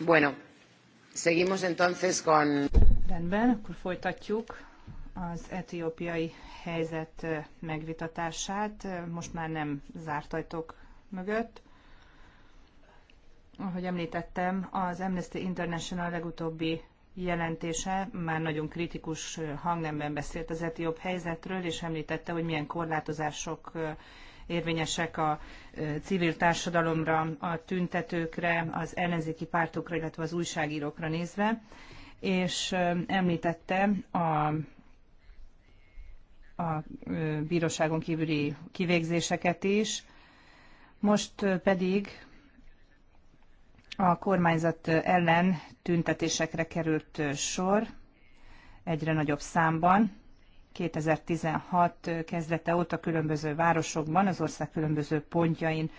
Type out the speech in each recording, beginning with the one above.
Bueno, seguimos entonces con... Rendben, akkor folytatjuk az etiópiai helyzet megvitatását. Most már nem zárt ajtók mögött. Ahogy említettem, az Amnesty International legutóbbi jelentése már nagyon kritikus hangnemben beszélt az etióp helyzetről, és említette, hogy milyen korlátozások érvényesek a civil társadalomra, a tüntetőkre, az ellenzéki pártokra, illetve az újságírókra nézve, és említette a a bíróságon kívüli kivégzéseket is. Most pedig a kormányzat ellen tüntetésekre került sor egyre nagyobb számban. 2016 kezdete óta különböző városokban, az ország különböző pontjain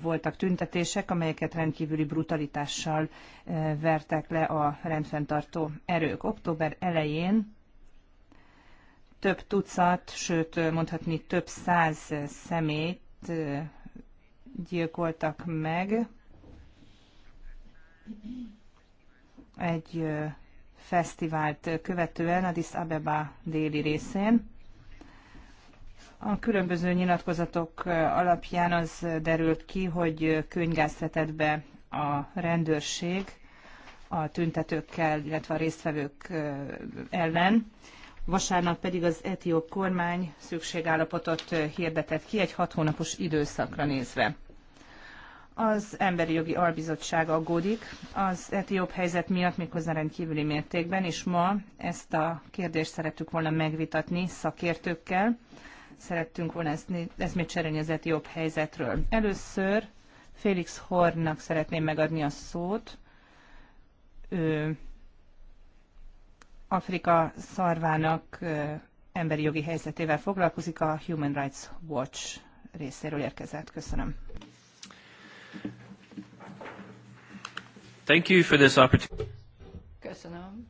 voltak tüntetések, amelyeket rendkívüli brutalitással vertek le a rendfenntartó erők. Október elején több tucat, sőt mondhatni több száz szemét gyilkoltak meg egy fesztivált követően Addis Abeba déli részén. A különböző nyilatkozatok alapján az derült ki, hogy könyvgáztetett be a rendőrség a tüntetőkkel, illetve a résztvevők ellen. Vasárnap pedig az etióp kormány szükségállapotot hirdetett ki egy hat hónapos időszakra nézve. Az Emberi Jogi Albizottság aggódik az etióp helyzet miatt méghozzá rendkívüli mértékben, és ma ezt a kérdést szerettük volna megvitatni szakértőkkel. Szerettünk volna ezt, ezt még cserélni az etióp helyzetről. Először Félix Hornnak szeretném megadni a szót. Ő Afrika szarvának emberi jogi helyzetével foglalkozik, a Human Rights Watch részéről érkezett. Köszönöm. Thank you for this opportunity. Köszönöm,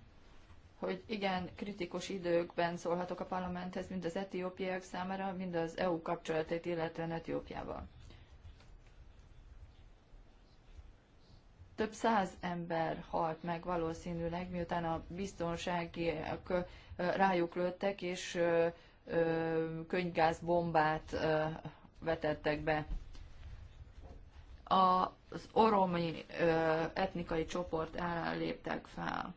hogy igen, kritikus időkben szólhatok a parlamenthez, mind az etiópiák számára, mind az EU kapcsolatét, illetően Etiópiával. több száz ember halt meg valószínűleg, miután a biztonságiak rájuk lőttek, és könyvgázbombát vetettek be. A az oromi etnikai csoport ellen léptek fel.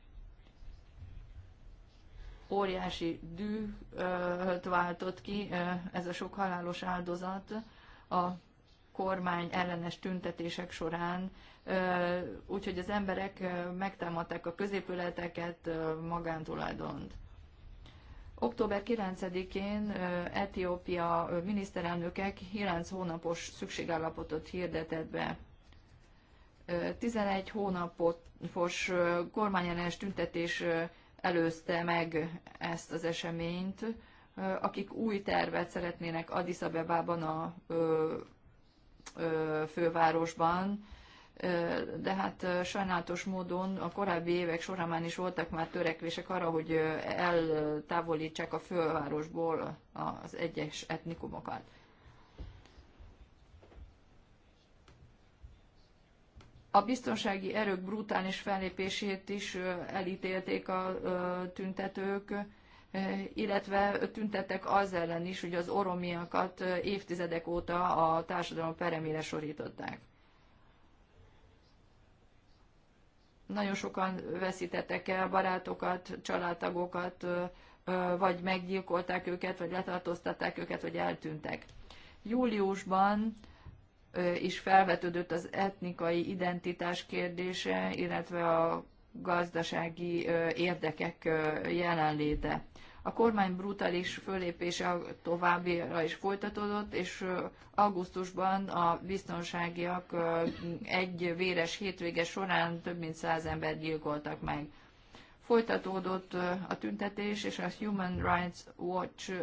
Óriási dühöt váltott ki ez a sok halálos áldozat a kormány ellenes tüntetések során, úgyhogy az emberek megtámadták a középületeket, magántulajdont. Október 9-én Etiópia miniszterelnöke 9 hónapos szükségállapotot hirdetett be 11 hónapos kormányellenes tüntetés előzte meg ezt az eseményt, akik új tervet szeretnének Addis Abebában a fővárosban, de hát sajnálatos módon a korábbi évek során is voltak már törekvések arra, hogy eltávolítsák a fővárosból az egyes etnikumokat. A biztonsági erők brutális fellépését is elítélték a tüntetők, illetve tüntettek az ellen is, hogy az oromiakat évtizedek óta a társadalom peremére sorították. Nagyon sokan veszítettek el barátokat, családtagokat, vagy meggyilkolták őket, vagy letartóztatták őket, vagy eltűntek. Júliusban is felvetődött az etnikai identitás kérdése, illetve a gazdasági érdekek jelenléte. A kormány brutális fölépése továbbra is folytatódott, és augusztusban a biztonságiak egy véres hétvége során több mint száz ember gyilkoltak meg. Folytatódott a tüntetés, és a Human Rights Watch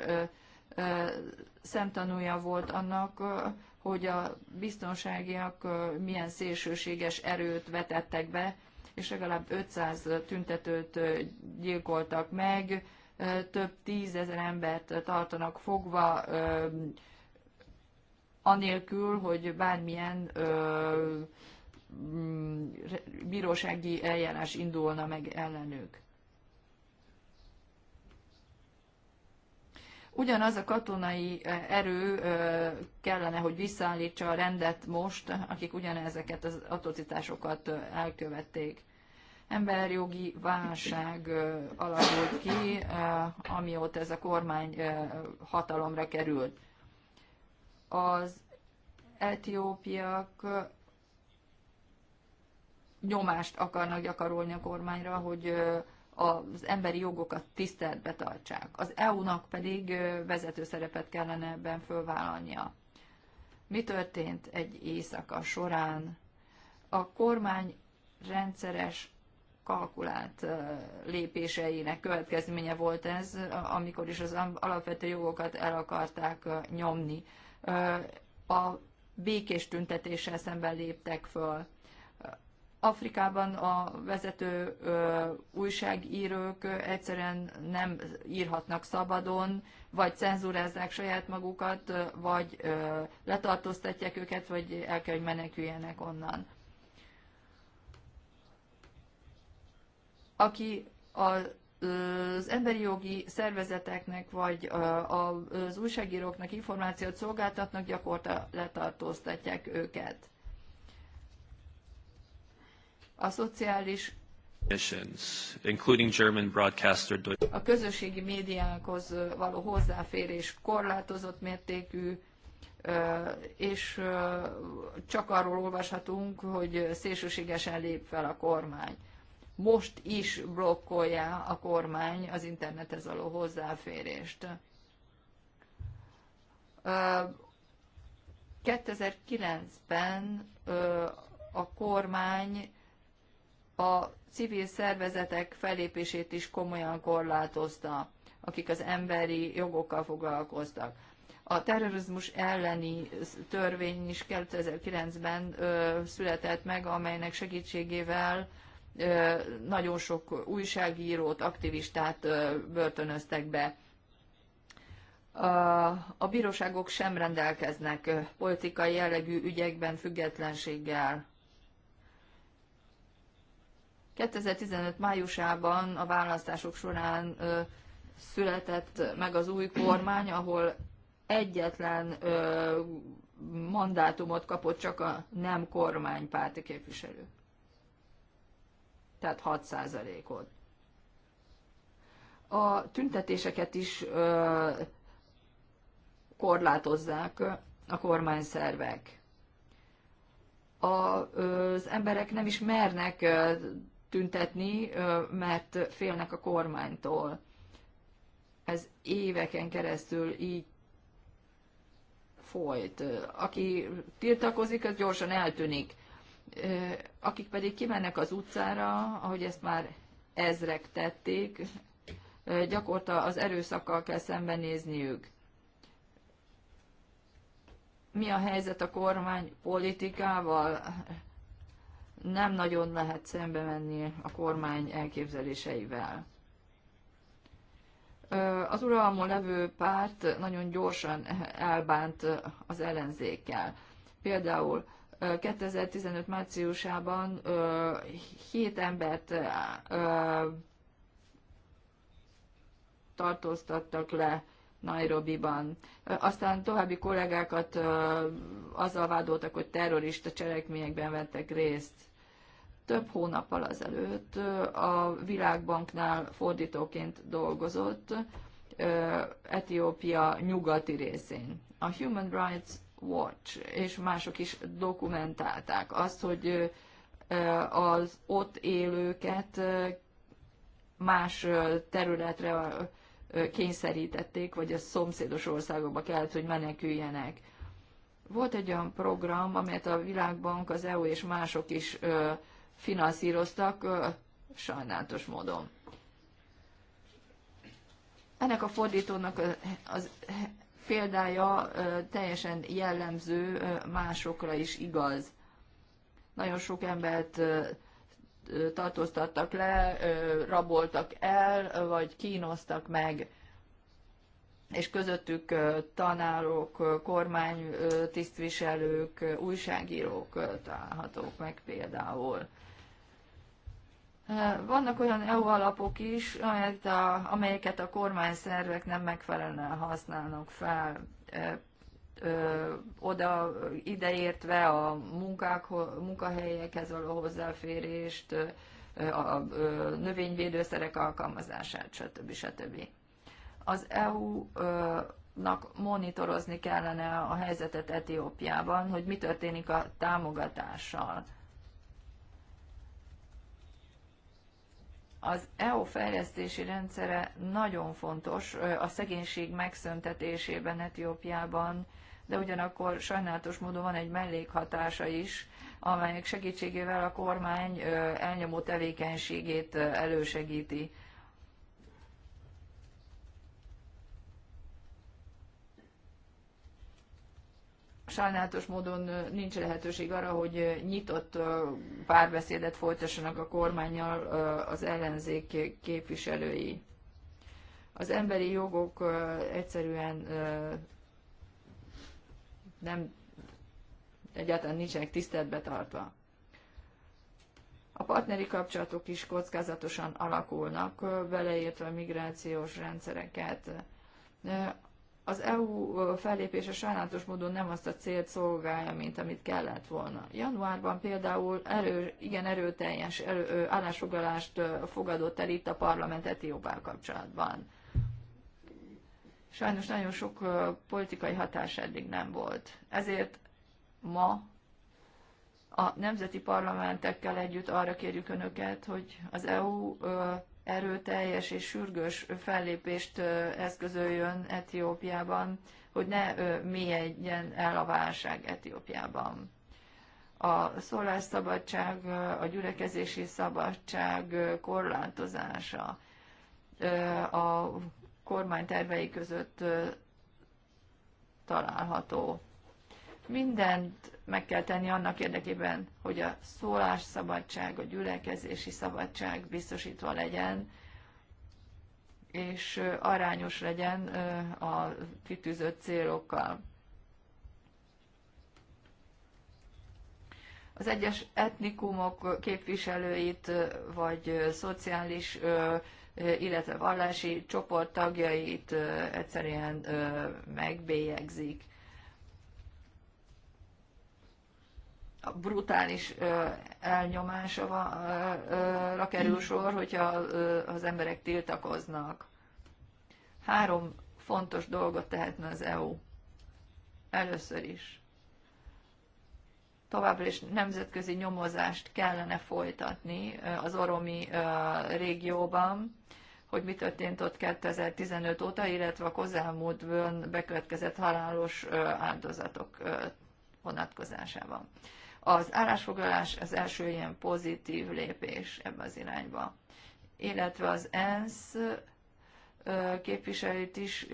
szemtanúja volt annak, hogy a biztonságiak milyen szélsőséges erőt vetettek be, és legalább 500 tüntetőt gyilkoltak meg, több tízezer embert tartanak fogva, anélkül, hogy bármilyen bírósági eljárás indulna meg ellenük. Ugyanaz a katonai erő kellene, hogy visszaállítsa a rendet most, akik ugyanezeket az atrocitásokat elkövették. Emberjogi válság alakult ki, amióta ez a kormány hatalomra került. Az etiópiak nyomást akarnak gyakorolni a kormányra, hogy az emberi jogokat tiszteletbe tartsák. Az EU-nak pedig vezető szerepet kellene ebben fölvállalnia. Mi történt egy éjszaka során? A kormány rendszeres kalkulált lépéseinek következménye volt ez, amikor is az alapvető jogokat el akarták nyomni. A békés tüntetéssel szemben léptek föl. Afrikában a vezető újságírók egyszerűen nem írhatnak szabadon, vagy cenzúrázzák saját magukat, vagy letartóztatják őket, vagy el kell, hogy meneküljenek onnan. Aki a az emberi jogi szervezeteknek vagy az újságíróknak információt szolgáltatnak, gyakorta letartóztatják őket a szociális including German broadcaster A közösségi médiákhoz való hozzáférés korlátozott mértékű, és csak arról olvashatunk, hogy szélsőségesen lép fel a kormány. Most is blokkolja a kormány az internethez való hozzáférést. 2009-ben a kormány a civil szervezetek felépését is komolyan korlátozta, akik az emberi jogokkal foglalkoztak. A terrorizmus elleni törvény is 2009-ben született meg, amelynek segítségével ö, nagyon sok újságírót, aktivistát ö, börtönöztek be. A, a bíróságok sem rendelkeznek politikai jellegű ügyekben függetlenséggel. 2015 májusában a választások során ö, született meg az új kormány, ahol egyetlen ö, mandátumot kapott csak a nem kormánypárti képviselő. Tehát 6%-ot. A tüntetéseket is ö, korlátozzák a kormányszervek. A, az emberek nem is mernek tüntetni, mert félnek a kormánytól. Ez éveken keresztül így folyt. Aki tiltakozik, az gyorsan eltűnik. Akik pedig kimennek az utcára, ahogy ezt már ezrek tették, gyakorta az erőszakkal kell szembenézniük. Mi a helyzet a kormány politikával? nem nagyon lehet szembe menni a kormány elképzeléseivel. Az uralmon levő párt nagyon gyorsan elbánt az ellenzékkel. Például 2015 márciusában 7 embert tartóztattak le Nairobi-ban. Aztán további kollégákat azzal vádoltak, hogy terrorista cselekményekben vettek részt több hónappal azelőtt a Világbanknál fordítóként dolgozott Etiópia nyugati részén. A Human Rights Watch és mások is dokumentálták azt, hogy az ott élőket más területre kényszerítették, vagy a szomszédos országokba kellett, hogy meneküljenek. Volt egy olyan program, amelyet a Világbank, az EU és mások is finanszíroztak sajnálatos módon. Ennek a fordítónak az példája teljesen jellemző, másokra is igaz. Nagyon sok embert tartóztattak le, raboltak el, vagy kínoztak meg és közöttük tanárok, kormány tisztviselők, újságírók találhatók meg például. Vannak olyan EU alapok is, amelyet a, amelyeket a kormányszervek nem megfelelően használnak fel, oda ideértve a munkák, munkahelyekhez való hozzáférést, a, a, a növényvédőszerek alkalmazását, stb. stb. stb. Az EU-nak monitorozni kellene a helyzetet Etiópiában, hogy mi történik a támogatással. Az EU fejlesztési rendszere nagyon fontos a szegénység megszöntetésében Etiópiában, de ugyanakkor sajnálatos módon van egy mellékhatása is, amelyek segítségével a kormány elnyomó tevékenységét elősegíti. Sajnálatos módon nincs lehetőség arra, hogy nyitott párbeszédet folytassanak a kormányjal az ellenzék képviselői. Az emberi jogok egyszerűen nem egyáltalán nincsenek tiszteletbe tartva. A partneri kapcsolatok is kockázatosan alakulnak, beleértve a migrációs rendszereket az EU fellépése sajnálatos módon nem azt a célt szolgálja, mint amit kellett volna. Januárban például erő, igen erőteljes erő, állásfoglalást fogadott el itt a parlament Etióbál kapcsolatban. Sajnos nagyon sok politikai hatás eddig nem volt. Ezért ma a nemzeti parlamentekkel együtt arra kérjük Önöket, hogy az EU erőteljes és sürgős fellépést eszközöljön Etiópiában, hogy ne mélyedjen el a válság Etiópiában. A szólásszabadság, a gyülekezési szabadság korlátozása a kormány tervei között található mindent meg kell tenni annak érdekében, hogy a szólásszabadság, a gyülekezési szabadság biztosítva legyen, és arányos legyen a kitűzött célokkal. Az egyes etnikumok képviselőit, vagy szociális, illetve vallási csoporttagjait egyszerűen megbélyegzik. brutális elnyomásra kerül sor, hogyha az emberek tiltakoznak. Három fontos dolgot tehetne az EU. Először is. Továbbra is nemzetközi nyomozást kellene folytatni az oromi régióban, hogy mi történt ott 2015 óta, illetve a közelmúltban bekövetkezett halálos áldozatok vonatkozásában. Az állásfoglalás az első ilyen pozitív lépés ebbe az irányba. Illetve az ENSZ képviselőt is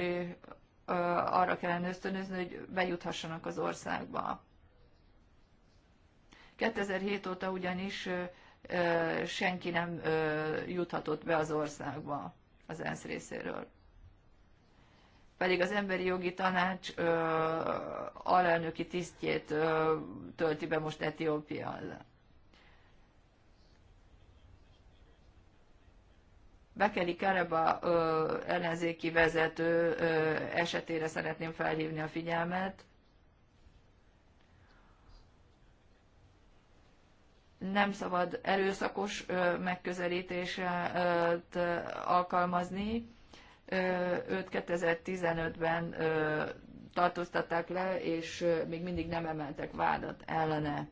arra kellene ösztönözni, hogy bejuthassanak az országba. 2007 óta ugyanis senki nem juthatott be az országba az ENSZ részéről pedig az emberi jogi tanács ö, alelnöki tisztjét ö, tölti be most Etiópia. Bekeli Kereba ö, ellenzéki vezető ö, esetére szeretném felhívni a figyelmet. Nem szabad erőszakos ö, megközelítéset alkalmazni, őt 2015-ben tartóztatták le, és még mindig nem emeltek vádat ellene.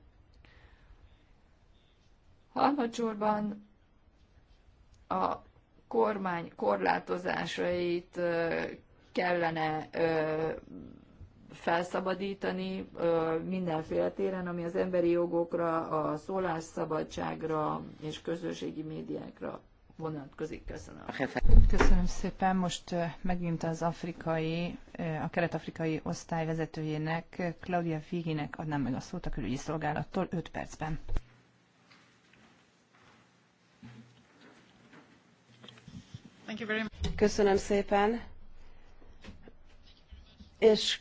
Harmadsorban a kormány korlátozásait kellene felszabadítani mindenféle téren, ami az emberi jogokra, a szólásszabadságra és közösségi médiákra vonatkozik. Köszönöm. Köszönöm szépen. Most megint az afrikai, a kelet-afrikai osztály vezetőjének, Claudia Figinek adnám meg a szót a külügyi szolgálattól 5 percben. Köszönöm szépen. És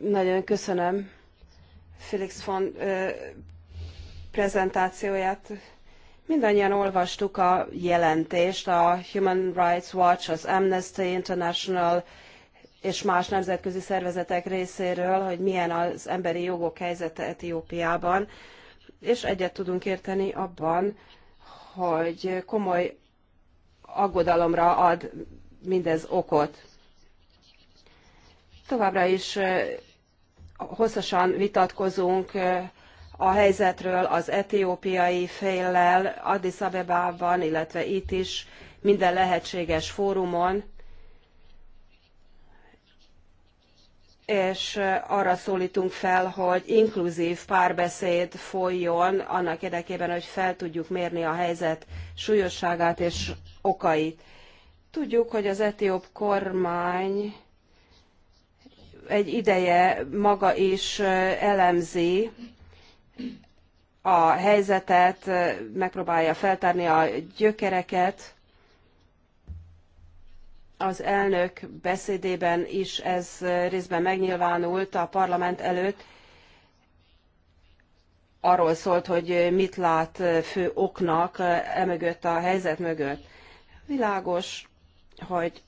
nagyon köszönöm Felix von prezentációját. Mindannyian olvastuk a jelentést, a Human Rights Watch, az Amnesty International és más nemzetközi szervezetek részéről, hogy milyen az emberi jogok helyzete Etiópiában, és egyet tudunk érteni abban, hogy komoly aggodalomra ad mindez okot. Továbbra is hosszasan vitatkozunk a helyzetről az etiópiai féllel Addis Abebában, illetve itt is minden lehetséges fórumon, és arra szólítunk fel, hogy inkluzív párbeszéd folyjon annak érdekében, hogy fel tudjuk mérni a helyzet súlyosságát és okait. Tudjuk, hogy az etióp kormány egy ideje maga is elemzi a helyzetet, megpróbálja feltárni a gyökereket. Az elnök beszédében is ez részben megnyilvánult a parlament előtt. Arról szólt, hogy mit lát fő oknak emögött a helyzet mögött. Világos, hogy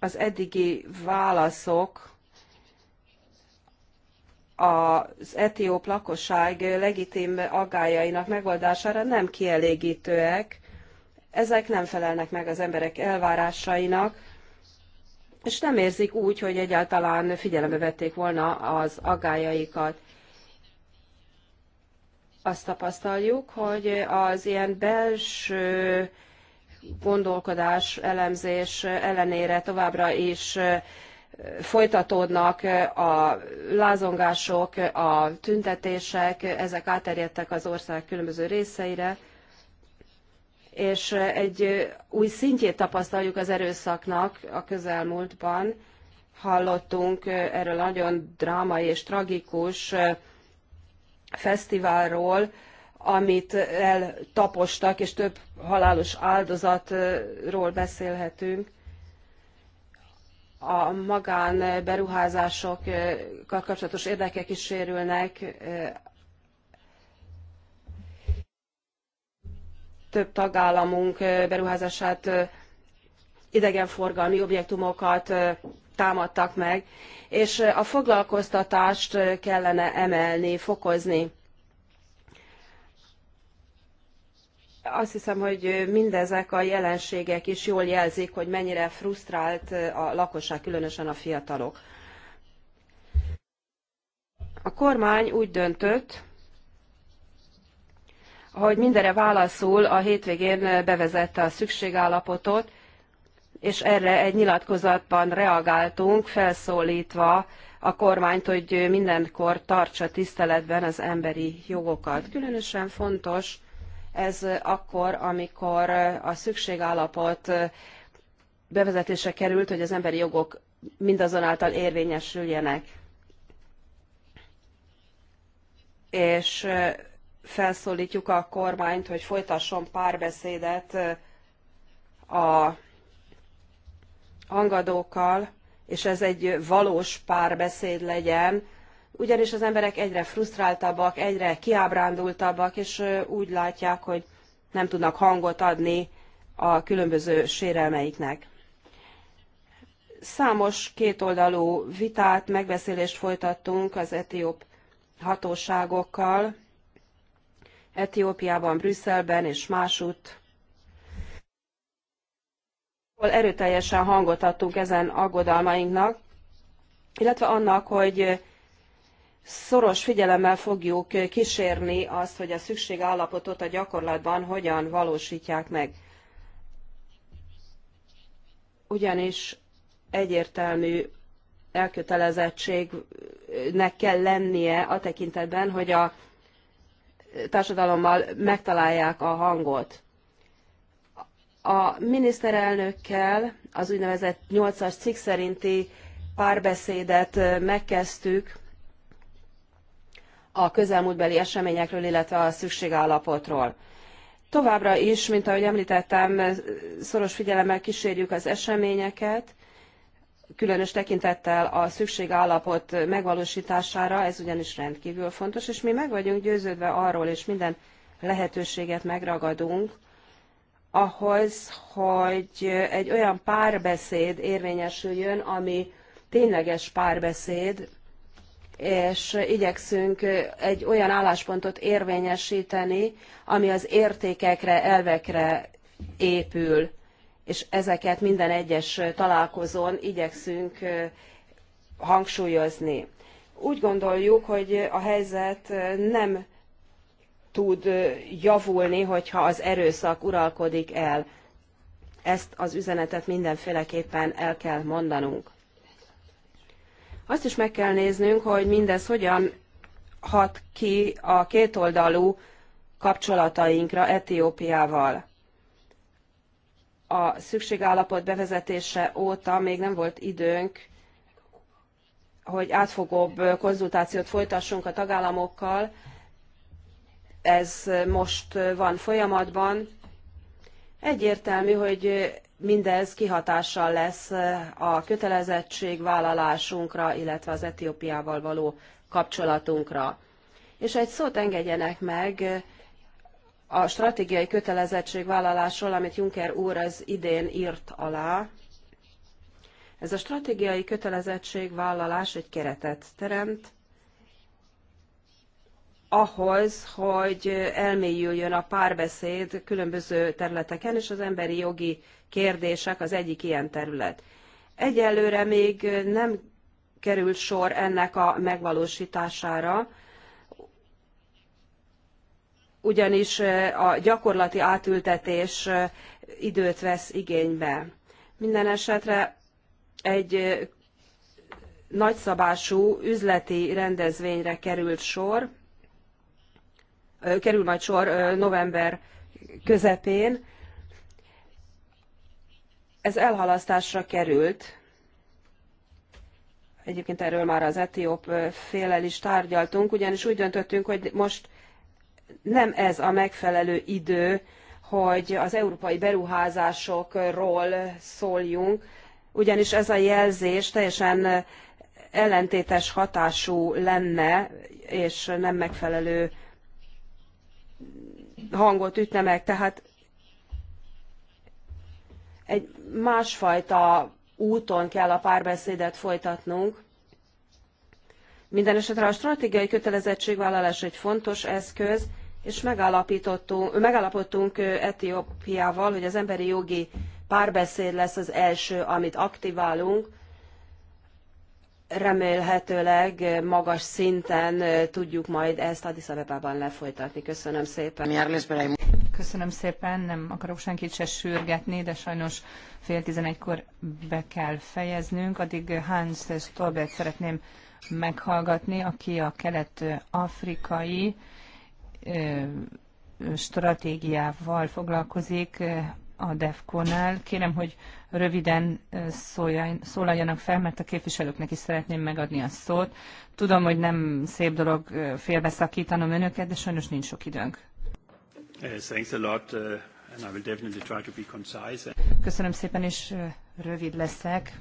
az eddigi válaszok az etióp lakosság legitim aggájainak megoldására nem kielégítőek, ezek nem felelnek meg az emberek elvárásainak, és nem érzik úgy, hogy egyáltalán figyelembe vették volna az aggájaikat. Azt tapasztaljuk, hogy az ilyen belső gondolkodás, elemzés ellenére továbbra is folytatódnak a lázongások, a tüntetések, ezek átterjedtek az ország különböző részeire, és egy új szintjét tapasztaljuk az erőszaknak a közelmúltban. Hallottunk erről nagyon drámai és tragikus fesztiválról, amit eltapostak, és több halálos áldozatról beszélhetünk a magánberuházásokkal kapcsolatos érdekek is sérülnek. Több tagállamunk beruházását idegenforgalmi objektumokat támadtak meg, és a foglalkoztatást kellene emelni, fokozni. azt hiszem, hogy mindezek a jelenségek is jól jelzik, hogy mennyire frusztrált a lakosság, különösen a fiatalok. A kormány úgy döntött, hogy mindenre válaszul a hétvégén bevezette a szükségállapotot, és erre egy nyilatkozatban reagáltunk, felszólítva a kormányt, hogy mindenkor tartsa tiszteletben az emberi jogokat. Különösen fontos, ez akkor, amikor a szükségállapot bevezetése került, hogy az emberi jogok mindazonáltal érvényesüljenek. És felszólítjuk a kormányt, hogy folytasson párbeszédet a hangadókkal, és ez egy valós párbeszéd legyen, ugyanis az emberek egyre frusztráltabbak, egyre kiábrándultabbak, és úgy látják, hogy nem tudnak hangot adni a különböző sérelmeiknek. Számos kétoldalú vitát, megbeszélést folytattunk az etióp hatóságokkal, Etiópiában, Brüsszelben és másutt hol erőteljesen hangot adtunk ezen aggodalmainknak, illetve annak, hogy szoros figyelemmel fogjuk kísérni azt, hogy a szükségállapotot a gyakorlatban hogyan valósítják meg. Ugyanis egyértelmű elkötelezettségnek kell lennie a tekintetben, hogy a társadalommal megtalálják a hangot. A miniszterelnökkel az úgynevezett 8-as cikk szerinti párbeszédet megkezdtük, a közelmúltbeli eseményekről, illetve a szükségállapotról. Továbbra is, mint ahogy említettem, szoros figyelemmel kísérjük az eseményeket, különös tekintettel a szükségállapot megvalósítására, ez ugyanis rendkívül fontos, és mi meg vagyunk győződve arról, és minden lehetőséget megragadunk, ahhoz, hogy egy olyan párbeszéd érvényesüljön, ami tényleges párbeszéd, és igyekszünk egy olyan álláspontot érvényesíteni, ami az értékekre, elvekre épül, és ezeket minden egyes találkozón igyekszünk hangsúlyozni. Úgy gondoljuk, hogy a helyzet nem tud javulni, hogyha az erőszak uralkodik el. Ezt az üzenetet mindenféleképpen el kell mondanunk. Azt is meg kell néznünk, hogy mindez hogyan hat ki a kétoldalú kapcsolatainkra Etiópiával. A szükségállapot bevezetése óta még nem volt időnk, hogy átfogóbb konzultációt folytassunk a tagállamokkal. Ez most van folyamatban. Egyértelmű, hogy mindez kihatással lesz a kötelezettségvállalásunkra, illetve az Etiópiával való kapcsolatunkra. És egy szót engedjenek meg a stratégiai kötelezettségvállalásról, amit Juncker úr az idén írt alá. Ez a stratégiai kötelezettségvállalás egy keretet teremt, ahhoz, hogy elmélyüljön a párbeszéd különböző területeken, és az emberi jogi kérdések az egyik ilyen terület. Egyelőre még nem került sor ennek a megvalósítására, ugyanis a gyakorlati átültetés időt vesz igénybe. Minden esetre egy nagyszabású üzleti rendezvényre került sor, kerül majd sor november közepén. Ez elhalasztásra került. Egyébként erről már az etióp félel is tárgyaltunk, ugyanis úgy döntöttünk, hogy most nem ez a megfelelő idő, hogy az európai beruházásokról szóljunk, ugyanis ez a jelzés teljesen ellentétes hatású lenne, és nem megfelelő hangot ütne meg. Tehát egy másfajta úton kell a párbeszédet folytatnunk. Minden esetre a stratégiai kötelezettségvállalás egy fontos eszköz, és megállapodtunk Etiópiával, hogy az emberi jogi párbeszéd lesz az első, amit aktiválunk, remélhetőleg magas szinten tudjuk majd ezt Addis Abebában lefolytatni. Köszönöm szépen. Köszönöm szépen, nem akarok senkit se sürgetni, de sajnos fél tizenegykor be kell fejeznünk. Addig Hans Stolbert szeretném meghallgatni, aki a kelet-afrikai stratégiával foglalkozik, a DEFCON-nál. Kérem, hogy röviden szólaljanak fel, mert a képviselőknek is szeretném megadni a szót. Tudom, hogy nem szép dolog félbeszakítanom önöket, de sajnos nincs sok időnk. Uh, uh, Köszönöm szépen, és rövid leszek.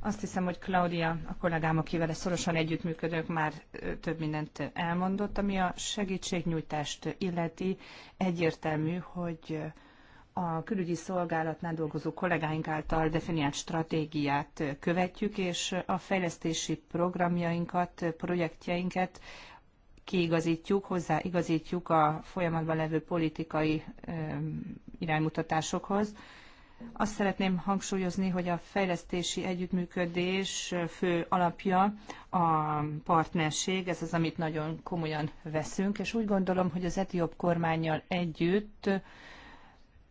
Azt hiszem, hogy Claudia, a kollégám, akivel szorosan együttműködök, már több mindent elmondott, ami a segítségnyújtást illeti. Egyértelmű, hogy a külügyi szolgálatnál dolgozó kollégáink által definiált stratégiát követjük, és a fejlesztési programjainkat, projektjeinket kiigazítjuk, hozzáigazítjuk a folyamatban levő politikai iránymutatásokhoz. Azt szeretném hangsúlyozni, hogy a fejlesztési együttműködés fő alapja a partnerség, ez az, amit nagyon komolyan veszünk, és úgy gondolom, hogy az etióp kormányjal együtt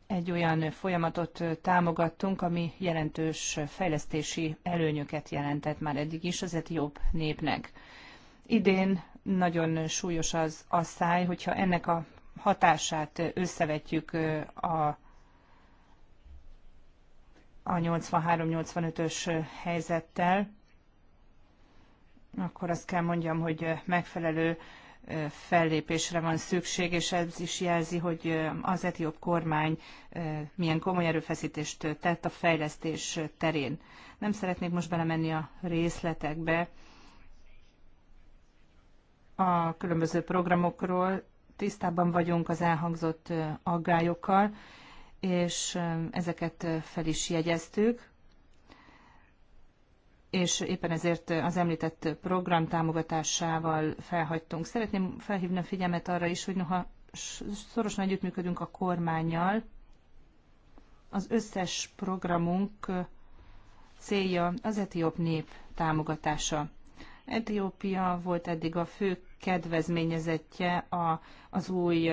egy olyan folyamatot támogattunk, ami jelentős fejlesztési előnyöket jelentett már eddig is az etióp népnek. Idén nagyon súlyos az asszály, hogyha ennek a hatását összevetjük a a 83-85-ös helyzettel, akkor azt kell mondjam, hogy megfelelő fellépésre van szükség, és ez is jelzi, hogy az etióp kormány milyen komoly erőfeszítést tett a fejlesztés terén. Nem szeretnék most belemenni a részletekbe a különböző programokról, tisztában vagyunk az elhangzott aggályokkal, és ezeket fel is jegyeztük és éppen ezért az említett program támogatásával felhagytunk. Szeretném felhívni a figyelmet arra is, hogy noha szorosan együttműködünk a kormányjal, az összes programunk célja az etióp nép támogatása. Etiópia volt eddig a fő kedvezményezettje a, az új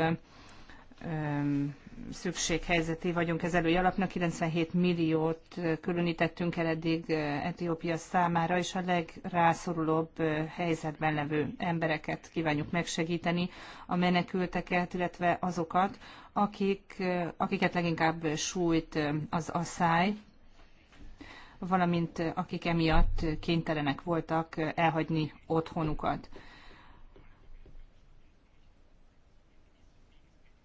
öm, szükséghelyzeti vagyunk ez alapnak 97 milliót különítettünk el eddig Etiópia számára, és a legrászorulóbb helyzetben levő embereket kívánjuk megsegíteni, a menekülteket, illetve azokat, akik, akiket leginkább sújt az asszály, valamint akik emiatt kénytelenek voltak elhagyni otthonukat.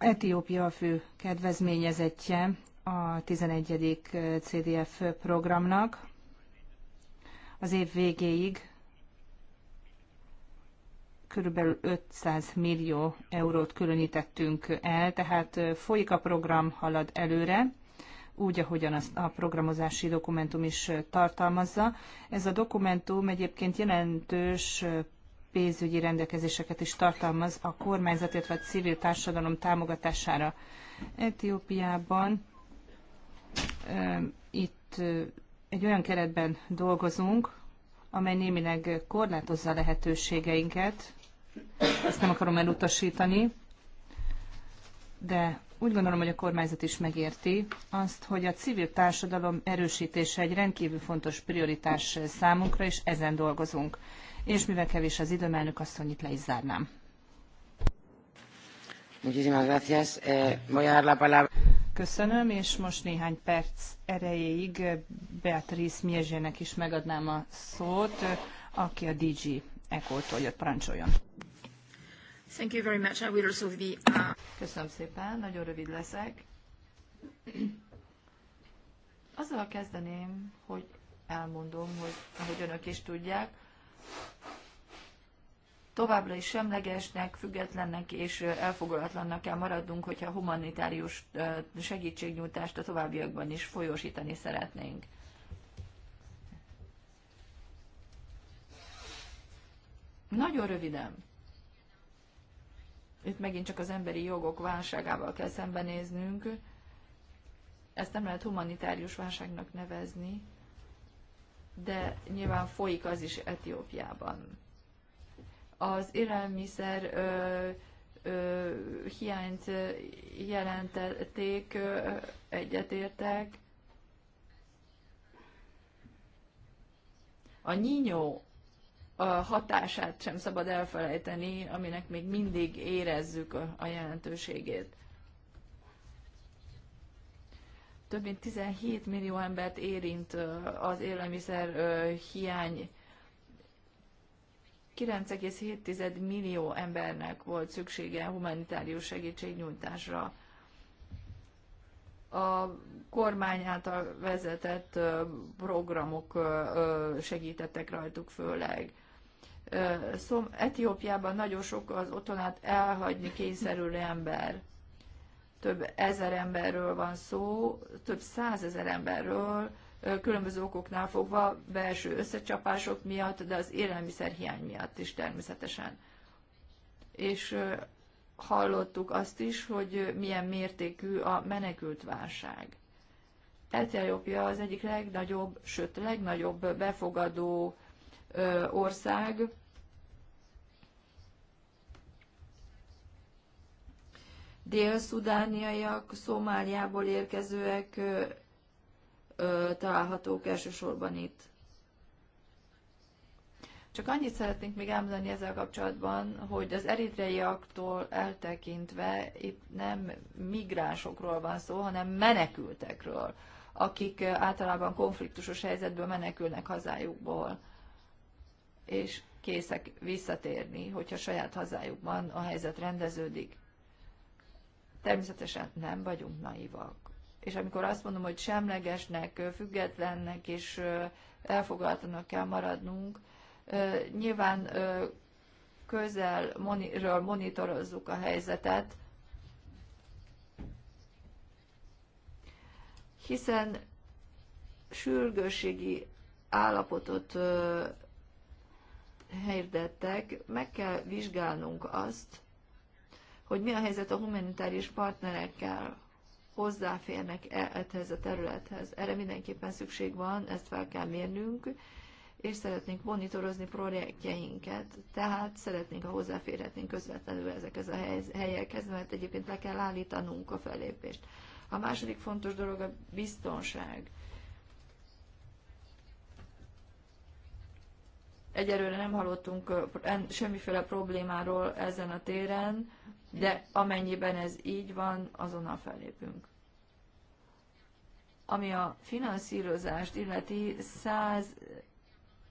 Etiópia a fő kedvezményezettje a 11. CDF programnak. Az év végéig körülbelül 500 millió eurót különítettünk el, tehát folyik a program, halad előre, úgy, ahogyan azt a programozási dokumentum is tartalmazza. Ez a dokumentum egyébként jelentős pénzügyi rendelkezéseket is tartalmaz a kormányzat, illetve a civil társadalom támogatására. Etiópiában itt egy olyan keretben dolgozunk, amely némileg korlátozza a lehetőségeinket. Ezt nem akarom elutasítani, de úgy gondolom, hogy a kormányzat is megérti azt, hogy a civil társadalom erősítése egy rendkívül fontos prioritás számunkra, és ezen dolgozunk és mivel kevés az időm, elnök asszony, itt le is zárnám. Eh, Köszönöm, és most néhány perc erejéig Beatrice Mierzsének is megadnám a szót, aki a DG eko tól jött, parancsoljon. Thank you very much. I will be, uh... Köszönöm szépen, nagyon rövid leszek. Azzal kezdeném, hogy elmondom, hogy ahogy önök is tudják, továbbra is semlegesnek, függetlennek és elfogadatlannak kell maradnunk, hogyha humanitárius segítségnyújtást a továbbiakban is folyósítani szeretnénk. Nagyon röviden. Itt megint csak az emberi jogok válságával kell szembenéznünk. Ezt nem lehet humanitárius válságnak nevezni, de nyilván folyik az is Etiópiában. Az élelmiszer ö, ö, hiányt jelentették, ö, egyetértek. A nyínyó a hatását sem szabad elfelejteni, aminek még mindig érezzük a jelentőségét. több mint 17 millió embert érint az élelmiszer hiány. 9,7 millió embernek volt szüksége humanitárius segítségnyújtásra. A kormány által vezetett programok segítettek rajtuk főleg. Etiópiában nagyon sok az otthonát elhagyni kényszerülő ember több ezer emberről van szó, több százezer emberről, különböző okoknál fogva, belső összecsapások miatt, de az élelmiszerhiány miatt is természetesen. És hallottuk azt is, hogy milyen mértékű a menekült válság. Etiópia az egyik legnagyobb, sőt legnagyobb befogadó ország, dél-szudániaiak, Szomáliából érkezőek ö, ö, találhatók elsősorban itt. Csak annyit szeretnénk még elmondani ezzel kapcsolatban, hogy az eritreiaktól eltekintve itt nem migránsokról van szó, hanem menekültekről, akik általában konfliktusos helyzetből menekülnek hazájukból, és készek visszatérni, hogyha saját hazájukban a helyzet rendeződik. Természetesen nem vagyunk naivak. És amikor azt mondom, hogy semlegesnek, függetlennek és elfogadtanak kell maradnunk, nyilván közelről monitorozzuk a helyzetet, hiszen sürgősségi állapotot hirdettek, meg kell vizsgálnunk azt, hogy mi a helyzet a humanitárius partnerekkel, hozzáférnek-e ehhez a területhez. Erre mindenképpen szükség van, ezt fel kell mérnünk, és szeretnénk monitorozni projektjeinket, tehát szeretnénk, ha hozzáférhetnénk közvetlenül ezekhez a helyekhez, mert egyébként le kell állítanunk a felépést. A második fontos dolog a biztonság. Egyelőre nem hallottunk eh, semmiféle problémáról ezen a téren, de amennyiben ez így van, azonnal fellépünk. Ami a finanszírozást illeti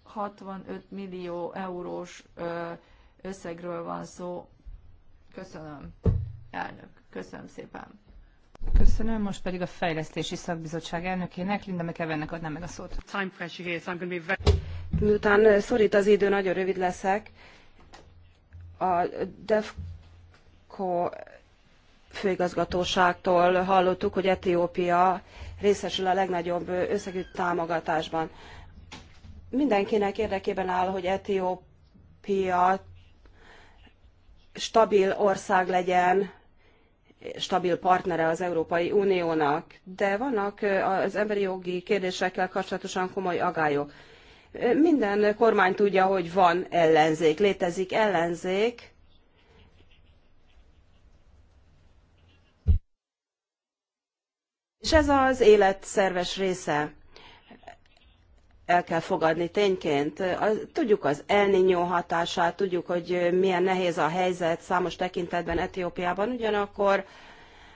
165 millió eurós összegről van szó. Köszönöm, elnök. Köszönöm szépen. Köszönöm, most pedig a Fejlesztési Szakbizottság elnökének, Linda McEvennek adnám meg a szót. Time pressure here, so I'm gonna be very... Miután szorít az idő, nagyon rövid leszek. A DEF DEFCO főigazgatóságtól hallottuk, hogy Etiópia részesül a legnagyobb összegű támogatásban. Mindenkinek érdekében áll, hogy Etiópia stabil ország legyen, stabil partnere az Európai Uniónak, de vannak az emberi jogi kérdésekkel kapcsolatosan komoly agályok. Minden kormány tudja, hogy van ellenzék, létezik ellenzék, És ez az élet szerves része el kell fogadni tényként. Tudjuk az elnyó hatását, tudjuk, hogy milyen nehéz a helyzet számos tekintetben Etiópiában, ugyanakkor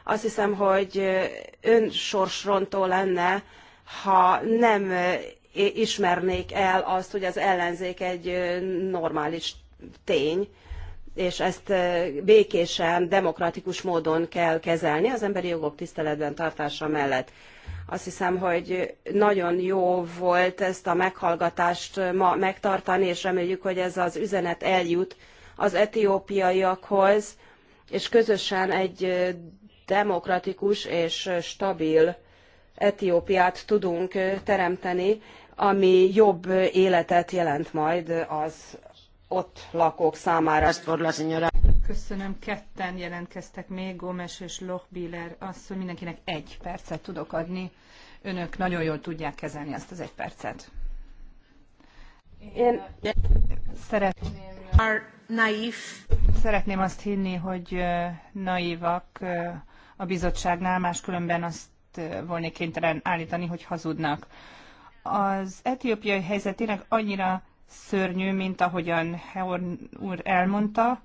azt hiszem, hogy önsorsrontó lenne, ha nem ismernék el azt, hogy az ellenzék egy normális tény, és ezt békésen, demokratikus módon kell kezelni az emberi jogok tiszteletben tartása mellett. Azt hiszem, hogy nagyon jó volt ezt a meghallgatást ma megtartani, és reméljük, hogy ez az üzenet eljut az etiópiaiakhoz, és közösen egy demokratikus és stabil Etiópiát tudunk teremteni, ami jobb életet jelent majd az ott lakók számára. ezt Köszönöm, ketten jelentkeztek még, Gómez és Lochbiller hogy mindenkinek egy percet tudok adni. Önök nagyon jól tudják kezelni azt az egy percet. Én szeretném, naif. szeretném azt hinni, hogy naívak a bizottságnál, máskülönben azt volnék kénytelen állítani, hogy hazudnak. Az etiópiai helyzet tényleg annyira szörnyű, mint ahogyan Heorn úr elmondta.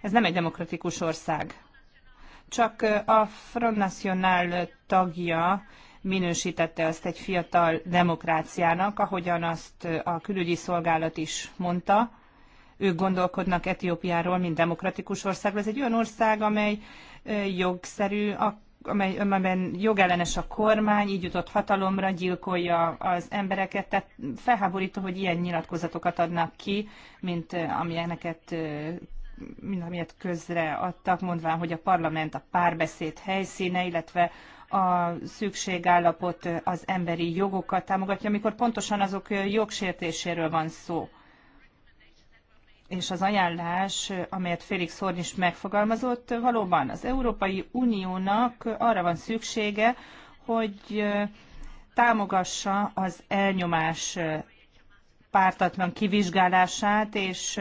Ez nem egy demokratikus ország. Csak a Front National tagja minősítette azt egy fiatal demokráciának, ahogyan azt a külügyi szolgálat is mondta. Ők gondolkodnak Etiópiáról, mint demokratikus országról. Ez egy olyan ország, amely jogszerű a amely, amelyben jogellenes a kormány, így jutott hatalomra, gyilkolja az embereket. Tehát felháborító, hogy ilyen nyilatkozatokat adnak ki, mint eh, amilyeneket eh, mint amilyet közre adtak, mondván, hogy a parlament a párbeszéd helyszíne, illetve a szükségállapot eh, az emberi jogokat támogatja, amikor pontosan azok jogsértéséről van szó és az ajánlás, amelyet Félix Horn is megfogalmazott, valóban az Európai Uniónak arra van szüksége, hogy támogassa az elnyomás pártatlan kivizsgálását és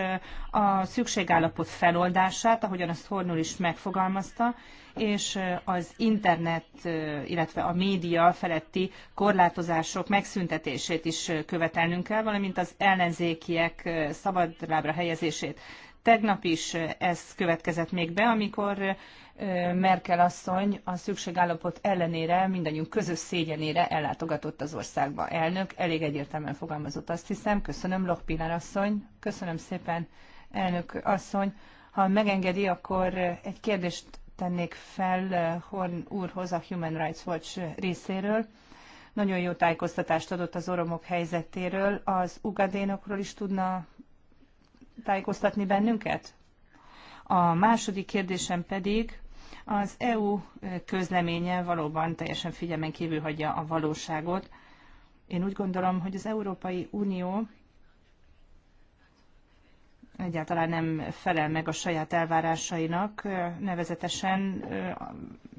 a szükségállapot feloldását, ahogyan azt Hornul is megfogalmazta, és az internet, illetve a média feletti korlátozások megszüntetését is követelnünk kell, valamint az ellenzékiek szabadlábra helyezését. Tegnap is ez következett még be, amikor Merkel asszony a szükségállapot ellenére, mindannyiunk közös szégyenére ellátogatott az országba. Elnök elég egyértelműen fogalmazott, azt hiszem. Köszönöm, Pilar asszony. Köszönöm szépen, elnök asszony. Ha megengedi, akkor egy kérdést tennék fel Horn úrhoz a Human Rights Watch részéről. Nagyon jó tájékoztatást adott az oromok helyzetéről. Az ugadénokról is tudna tájékoztatni bennünket? A második kérdésem pedig, az EU közleménye valóban teljesen figyelmen kívül hagyja a valóságot. Én úgy gondolom, hogy az Európai Unió egyáltalán nem felel meg a saját elvárásainak, nevezetesen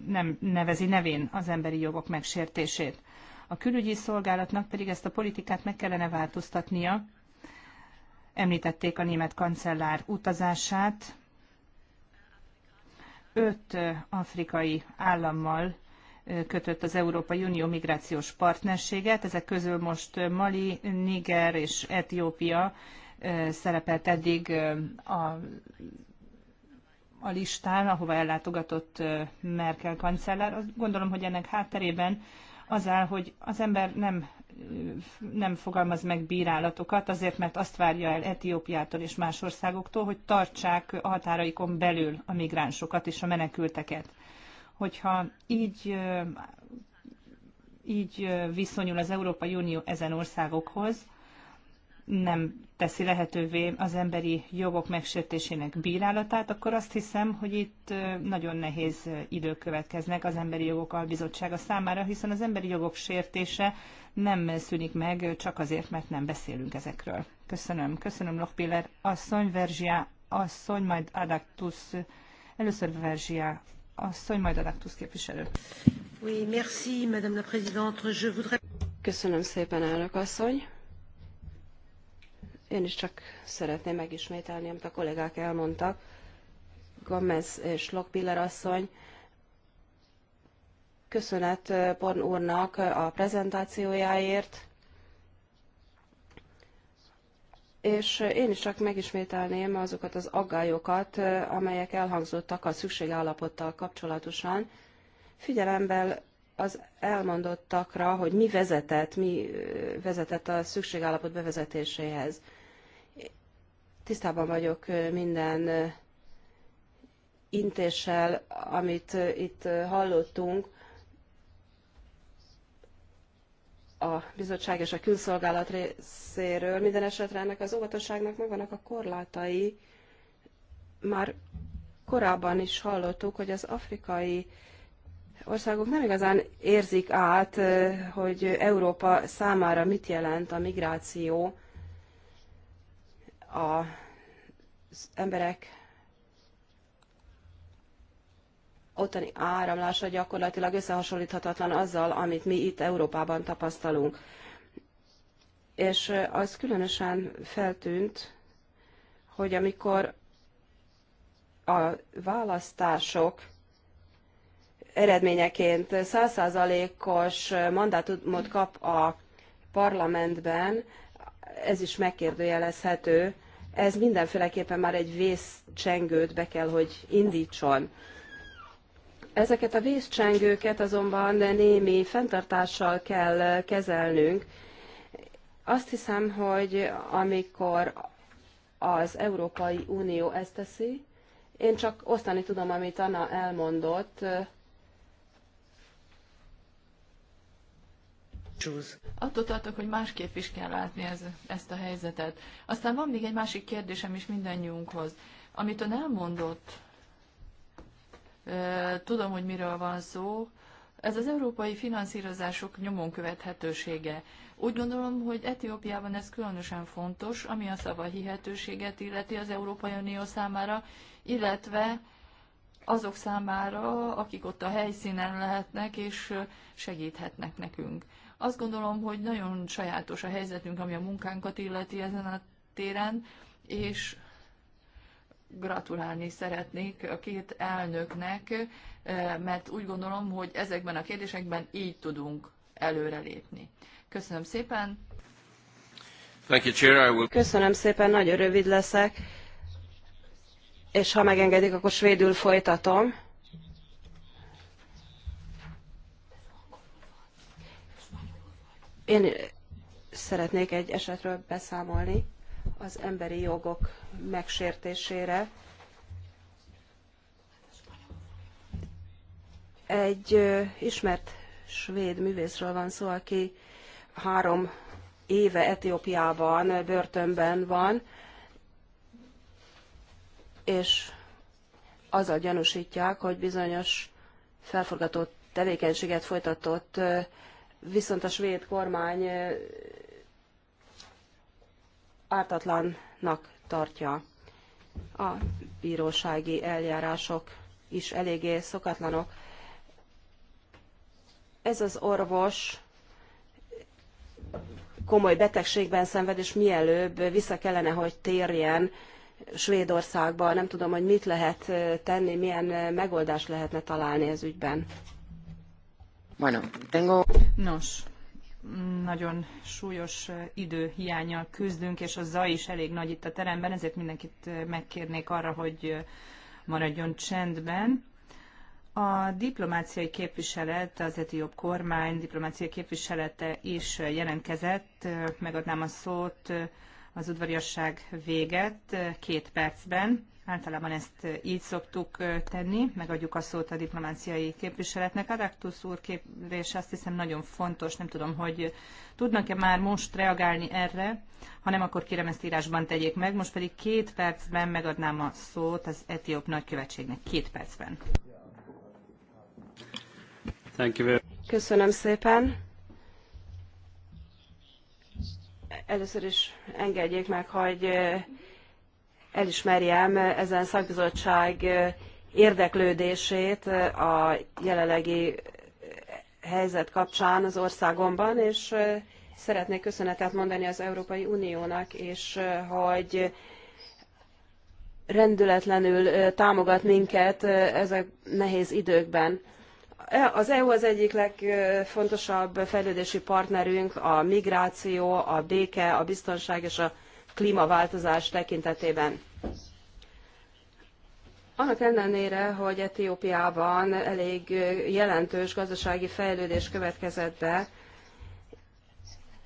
nem nevezi nevén az emberi jogok megsértését. A külügyi szolgálatnak pedig ezt a politikát meg kellene változtatnia, Említették a német kancellár utazását. Öt afrikai állammal kötött az Európai Unió migrációs partnerséget. Ezek közül most Mali, Niger és Etiópia szerepelt eddig a a listán, ahova ellátogatott Merkel kancellár. Azt gondolom, hogy ennek hátterében az áll, hogy az ember nem nem fogalmaz meg bírálatokat, azért mert azt várja el Etiópiától és más országoktól, hogy tartsák a határaikon belül a migránsokat és a menekülteket. Hogyha így, így viszonyul az Európai Unió ezen országokhoz, nem teszi lehetővé az emberi jogok megsértésének bírálatát, akkor azt hiszem, hogy itt nagyon nehéz idők következnek az Emberi Jogok Albizottsága számára, hiszen az emberi jogok sértése nem szűnik meg csak azért, mert nem beszélünk ezekről. Köszönöm. Köszönöm, Lochpiller asszony, Verzsia asszony, majd Adaktus, először Verzsia asszony, majd Adaktus képviselő. Oui, merci, Madame la Présidente. Je voudrais... Köszönöm szépen, elnök asszony. Én is csak szeretném megismételni, amit a kollégák elmondtak. Gomez és Lockpiller asszony, köszönet eh, Porn úrnak a prezentációjáért, és eh, én is csak megismételném azokat az aggályokat, eh, amelyek elhangzottak a szükségállapottal kapcsolatosan, figyelemben az elmondottakra, hogy mi vezetett, mi vezetett a szükségállapot bevezetéséhez tisztában vagyok minden intéssel, amit itt hallottunk, a bizottság és a külszolgálat részéről. Minden esetre ennek az óvatosságnak megvannak a korlátai. Már korábban is hallottuk, hogy az afrikai országok nem igazán érzik át, hogy Európa számára mit jelent a migráció, az emberek ottani áramlása gyakorlatilag összehasonlíthatatlan azzal, amit mi itt Európában tapasztalunk. És az különösen feltűnt, hogy amikor a választások eredményeként 100%-os mandátumot kap a parlamentben, ez is megkérdőjelezhető. Ez mindenféleképpen már egy vészcsengőt be kell, hogy indítson. Ezeket a vészcsengőket azonban némi fenntartással kell kezelnünk. Azt hiszem, hogy amikor az Európai Unió ezt teszi, én csak osztani tudom, amit Anna elmondott, Attól tartok, hogy másképp is kell látni ez, ezt a helyzetet. Aztán van még egy másik kérdésem is mindannyiunkhoz. Amit ön elmondott, tudom, hogy miről van szó, ez az európai finanszírozások nyomon követhetősége. Úgy gondolom, hogy Etiópiában ez különösen fontos, ami a szava hihetőséget illeti az Európai Unió számára, illetve azok számára, akik ott a helyszínen lehetnek és segíthetnek nekünk. Azt gondolom, hogy nagyon sajátos a helyzetünk, ami a munkánkat illeti ezen a téren, és gratulálni szeretnék a két elnöknek, eh, mert úgy gondolom, hogy ezekben a kérdésekben így tudunk előrelépni. Köszönöm szépen! Köszönöm szépen, nagyon rövid leszek, és ha megengedik, akkor svédül folytatom. Én szeretnék egy esetről beszámolni az emberi jogok megsértésére. Egy ismert svéd művészről van szó, aki három éve Etiópiában, börtönben van, és azzal gyanúsítják, hogy bizonyos felforgató tevékenységet folytatott viszont a svéd kormány ártatlannak tartja. A bírósági eljárások is eléggé szokatlanok. Ez az orvos komoly betegségben szenved, és mielőbb vissza kellene, hogy térjen Svédországba. Nem tudom, hogy mit lehet tenni, milyen megoldást lehetne találni ez ügyben. Nos, nagyon súlyos eh, időhiányjal küzdünk, és a zaj is elég nagy itt a teremben, ezért mindenkit eh, megkérnék arra, hogy eh, maradjon csendben. A diplomáciai képviselet, az etióp kormány diplomáciai képviselete is jelentkezett. Megadnám a szót az udvariasság véget két percben. Általában ezt így szoktuk tenni, megadjuk a szót a diplomáciai képviseletnek. Adaktus úr képrése azt hiszem nagyon fontos, nem tudom, hogy tudnak-e már most reagálni erre, ha nem, akkor kérem ezt írásban tegyék meg. Most pedig két percben megadnám a szót az etióp nagykövetségnek. Két percben. Köszönöm szépen. Először is engedjék meg, hogy elismerjem ezen szakbizottság érdeklődését a jelenlegi helyzet kapcsán az országomban, és szeretnék köszönetet mondani az Európai Uniónak, és hogy rendületlenül támogat minket ezek nehéz időkben. E, az EU az egyik legfontosabb fejlődési partnerünk, a migráció, a béke, a biztonság és a klímaváltozás tekintetében. Annak ellenére, hogy Etiópiában elég jelentős gazdasági fejlődés következett be,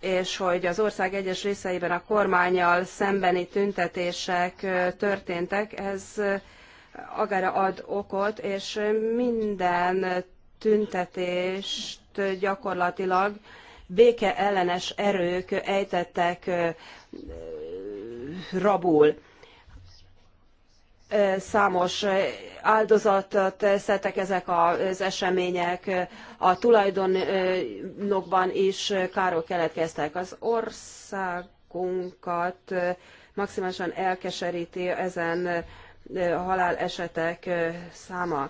és hogy az ország egyes részeiben a kormányjal szembeni tüntetések történtek, ez agára ad okot, és minden tüntetést gyakorlatilag béke ellenes erők ejtettek rabul. Számos áldozatot szedtek ezek az események, a tulajdonokban is károk keletkeztek. Az országunkat maximálisan elkeseríti ezen halálesetek száma.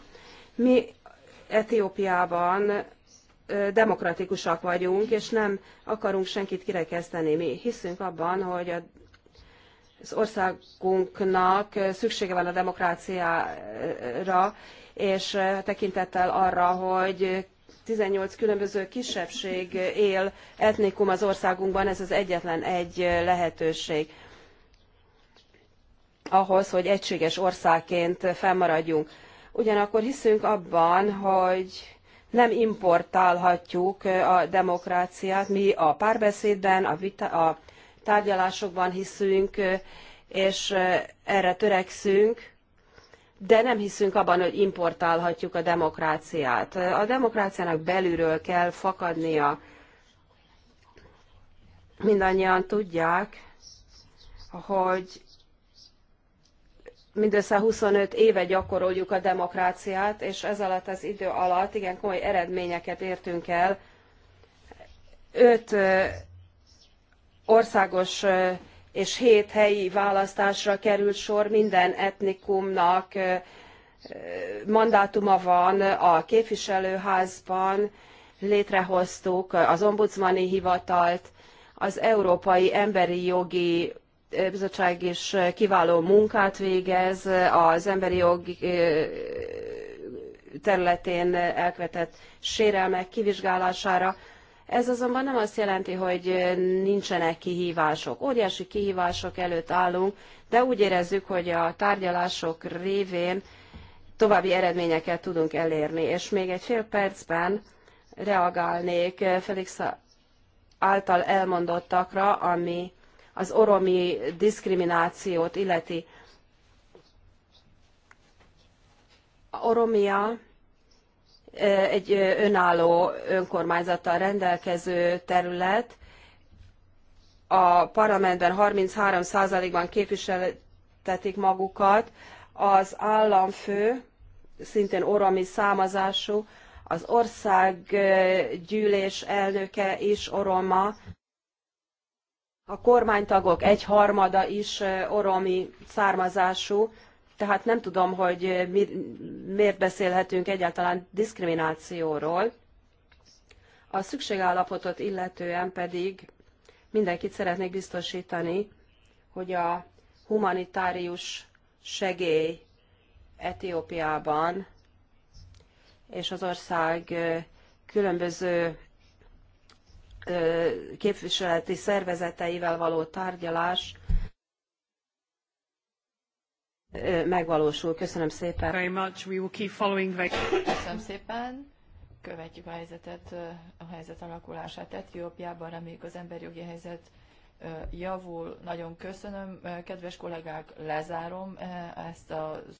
Mi Etiópiában demokratikusak vagyunk, és nem akarunk senkit kirekeszteni. Mi hiszünk abban, hogy a az országunknak szüksége van a demokráciára, és tekintettel arra, hogy 18 különböző kisebbség él etnikum az országunkban, ez az egyetlen egy lehetőség ahhoz, hogy egységes országként fennmaradjunk. Ugyanakkor hiszünk abban, hogy nem importálhatjuk a demokráciát, mi a párbeszédben, a, vita, a tárgyalásokban hiszünk, és erre törekszünk, de nem hiszünk abban, hogy importálhatjuk a demokráciát. A demokráciának belülről kell fakadnia. Mindannyian tudják, hogy mindössze 25 éve gyakoroljuk a demokráciát, és ez alatt az idő alatt igen komoly eredményeket értünk el. 5 országos és hét helyi választásra került sor, minden etnikumnak mandátuma van a képviselőházban, létrehoztuk az ombudsmani hivatalt, az Európai Emberi Jogi Bizottság is kiváló munkát végez, az emberi jogi területén elkövetett sérelmek kivizsgálására. Ez azonban nem azt jelenti, hogy nincsenek kihívások. Óriási kihívások előtt állunk, de úgy érezzük, hogy a tárgyalások révén további eredményeket tudunk elérni. És még egy fél percben reagálnék Felix által elmondottakra, ami az oromi diszkriminációt illeti. Oromia Eh, egy eh, önálló önkormányzattal rendelkező terület, a parlamentben 33%-ban képviseltetik magukat, az államfő, szintén oromi számazású, az országgyűlés eh, elnöke is oroma, a kormánytagok egyharmada is oromi származású, tehát nem tudom, hogy mi, miért beszélhetünk egyáltalán diszkriminációról. A szükségállapotot illetően pedig mindenkit szeretnék biztosítani, hogy a humanitárius segély Etiópiában és az ország különböző képviseleti szervezeteivel való tárgyalás megvalósul. Köszönöm szépen. Very much. We will keep following the... Köszönöm szépen. Követjük a helyzetet, a helyzet alakulását Etiópiában, reméljük az emberjogi helyzet javul. Nagyon köszönöm. Kedves kollégák, lezárom ezt a